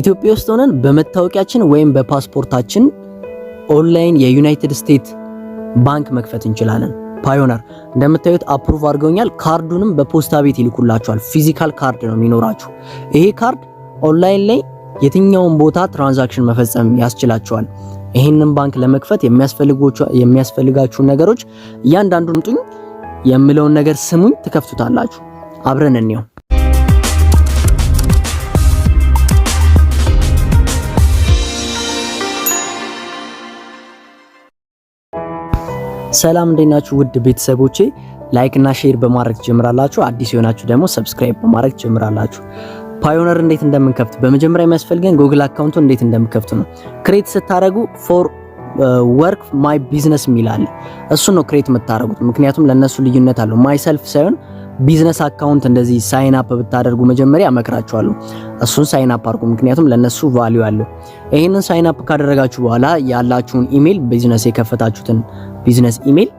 ኢትዮጵያ ውስጥ ሆነን በመታወቂያችን ወይም በፓስፖርታችን ኦንላይን የዩናይትድ ስቴትስ ባንክ መክፈት እንችላለን። ፓዮነር እንደምታዩት አፕሩቭ አድርገውኛል። ካርዱንም በፖስታ ቤት ይልኩላችኋል። ፊዚካል ካርድ ነው የሚኖራችሁ። ይሄ ካርድ ኦንላይን ላይ የትኛውን ቦታ ትራንዛክሽን መፈጸም ያስችላችኋል። ይህንን ባንክ ለመክፈት የሚያስፈልጋችሁን ነገሮች እያንዳንዱን ምጡኝ የምለውን ነገር ስሙኝ፣ ትከፍቱታላችሁ። አብረን እንየው። ሰላም እንዴት ናችሁ? ውድ ቤተሰቦቼ ላይክ እና ሼር በማድረግ ጀምራላችሁ። አዲስ የሆናችሁ ደግሞ ሰብስክራይብ በማድረግ ጀምራላችሁ። ፓዮነር እንዴት እንደምንከፍት በመጀመሪያ የሚያስፈልገን ጉግል አካውንቱን እንዴት እንደምንከፍት ነው። ክሬት ስታደርጉ ፎር ወርክ ማይ ቢዝነስ የሚል አለ። ነው ክሬት የምታደርጉት። ምክንያቱም ለእነሱ ልዩነት አለው። ማይ ሰልፍ ሳይሆን ቢዝነስ አካውንት እንደዚህ ሳይን አፕ ብታደርጉ መጀመሪያ እመክራችኋለሁ። እሱን ሳይን አፕ አድርጉ፣ ምክንያቱም ለነሱ ቫልዩ አለው። ይህንን ሳይን አፕ ካደረጋችሁ በኋላ ያላችሁን ኢሜል ቢዝነስ የከፈታችሁትን ቢዝነስ ኢሜል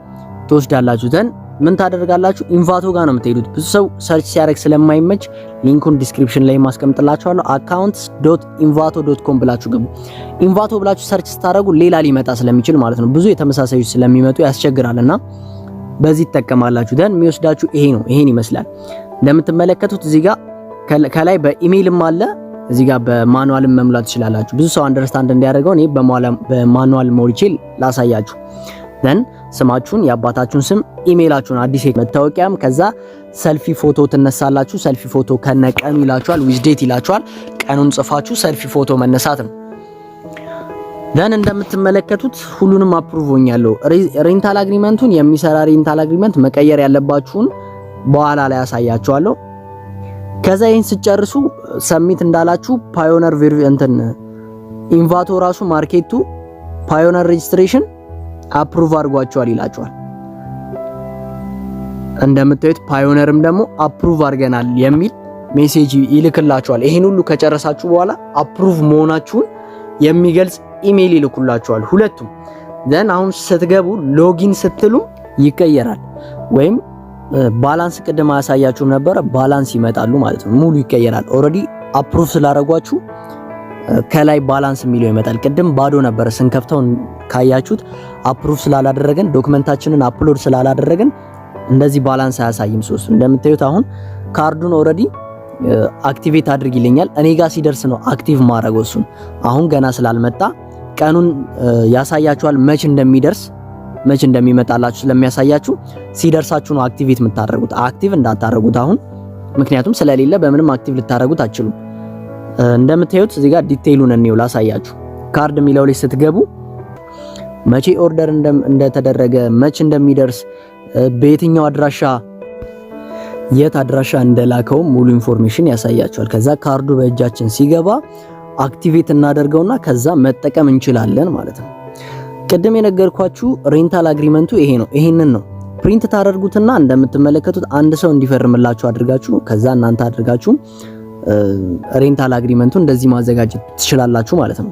ትወስዳላችሁትን ምን ታደርጋላችሁ? ኢንቫቶ ጋር ነው የምትሄዱት። ብዙ ሰው ሰርች ሲያደርግ ስለማይመች ሊንኩን ዲስክሪፕሽን ላይ ማስቀምጥላችኋለሁ። አካውንትስ ዶት ኢንቫቶ ዶት ኮም ብላችሁ ገቡ። ኢንቫቶ ብላችሁ ሰርች ስታደርጉ ሌላ ሊመጣ ስለሚችል ማለት ነው ብዙ የተመሳሳዩ ስለሚመጡ እና በዚህ ትጠቀማላችሁ። ደን የሚወስዳችሁ ይሄ ነው። ይሄን ይመስላል እንደምትመለከቱት እዚህ ጋር ከላይ በኢሜይልም አለ እዚህ ጋር በማኑዋልም መሙላት ትችላላችሁ። ብዙ ሰው አንደርስታንድ እንዲያደርገው እኔ በማኑዋል ሞልቼ ላሳያችሁ። ደን ስማችሁን፣ የአባታችሁን ስም፣ ኢሜይላችሁን፣ አዲስ መታወቂያም፣ ከዛ ሰልፊ ፎቶ ትነሳላችሁ። ሰልፊ ፎቶ ከነቀኑ ይላችኋል፣ ዊዝዴት ይላችኋል። ቀኑን ጽፋችሁ ሰልፊ ፎቶ መነሳት ነው። ደን እንደምትመለከቱት ሁሉንም ሆኛለሁ። ሬንታል አግሪመንቱን የሚሰራ ሬንታል አግሪመንት መቀየር ያለባችሁን በኋላ ላይ አሳያችኋለሁ። ከዛ ይህን ስጨርሱ ሰሚት እንዳላችሁ ፓዮነር ቪር እንትን ኢንቫቶ ራሱ ማርኬቱ ፓዮነር ሬጅስትሬሽን አፕሩቭ አድርጓቸዋል ይላቸዋል። እንደምታዩት ፓዮነርም ደግሞ አፕሩቭ አድርገናል የሚል ሜሴጅ ይልክላቸዋል። ይህን ሁሉ ከጨረሳችሁ በኋላ አፕሩቭ መሆናችሁን የሚገልጽ ኢሜይል ይልኩላችኋል ሁለቱም። ዘን አሁን ስትገቡ ሎጊን ስትሉ ይቀየራል። ወይም ባላንስ ቅድም አያሳያችሁም ነበረ፣ ባላንስ ይመጣሉ ማለት ነው። ሙሉ ይቀየራል። ኦልሬዲ አፕሩቭ ስላደረጓችሁ ከላይ ባላንስ የሚለው ይመጣል። ቅድም ባዶ ነበረ ስንከፍተው ካያችሁት፣ አፕሩቭ ስላላደረገን ዶክመንታችንን አፕሎድ ስላላደረግን እንደዚህ ባላንስ አያሳይም። ሶስቱ እንደምታዩት አሁን ካርዱን ኦልሬዲ አክቲቬት አድርግ ይለኛል። እኔ ጋር ሲደርስ ነው አክቲቭ ማድረግ። እሱን አሁን ገና ስላልመጣ ቀኑን ያሳያችኋል መች እንደሚደርስ መች እንደሚመጣላችሁ ስለሚያሳያችሁ ሲደርሳችሁ ነው አክቲቪት የምታደርጉት። አክቲቭ እንዳታደርጉት አሁን ምክንያቱም ስለሌለ በምንም አክቲቭ ልታደርጉት አችሉም። እንደምታዩት እዚህ ጋር ዲቴይሉን እኔው ላሳያችሁ። ካርድ የሚለው ላይ ስትገቡ መቼ ኦርደር እንደተደረገ መች እንደሚደርስ በየትኛው አድራሻ የት አድራሻ እንደላከውም ሙሉ ኢንፎርሜሽን ያሳያችኋል። ከዛ ካርዱ በእጃችን ሲገባ አክቲቬት እናደርገውና ከዛ መጠቀም እንችላለን ማለት ነው። ቅድም የነገርኳችሁ ሬንታል አግሪመንቱ ይሄ ነው። ይሄንን ነው ፕሪንት ታደርጉትና እንደምትመለከቱት አንድ ሰው እንዲፈርምላችሁ አድርጋችሁ ከዛ እናንተ አድርጋችሁ ሬንታል አግሪመንቱን እንደዚህ ማዘጋጀት ትችላላችሁ ማለት ነው።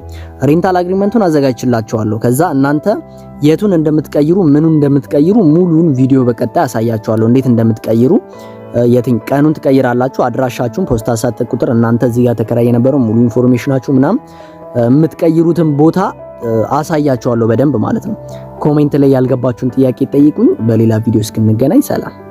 ሬንታል አግሪመንቱን አዘጋጅችላችኋለሁ። ከዛ እናንተ የቱን እንደምትቀይሩ ምኑን እንደምትቀይሩ ሙሉን ቪዲዮ በቀጣይ አሳያችኋለሁ እንዴት እንደምትቀይሩ የትኝ ቀኑን ትቀይራላችሁ፣ አድራሻችሁን ፖስታ ሳት ቁጥር እናንተ እዚህ ጋር ተከራይ የነበረው ሙሉ ኢንፎርሜሽናችሁ ምናምን የምትቀይሩትን ቦታ አሳያችኋለሁ በደንብ ማለት ነው። ኮሜንት ላይ ያልገባችሁን ጥያቄ ጠይቁኝ። በሌላ ቪዲዮ እስክንገናኝ ሰላም።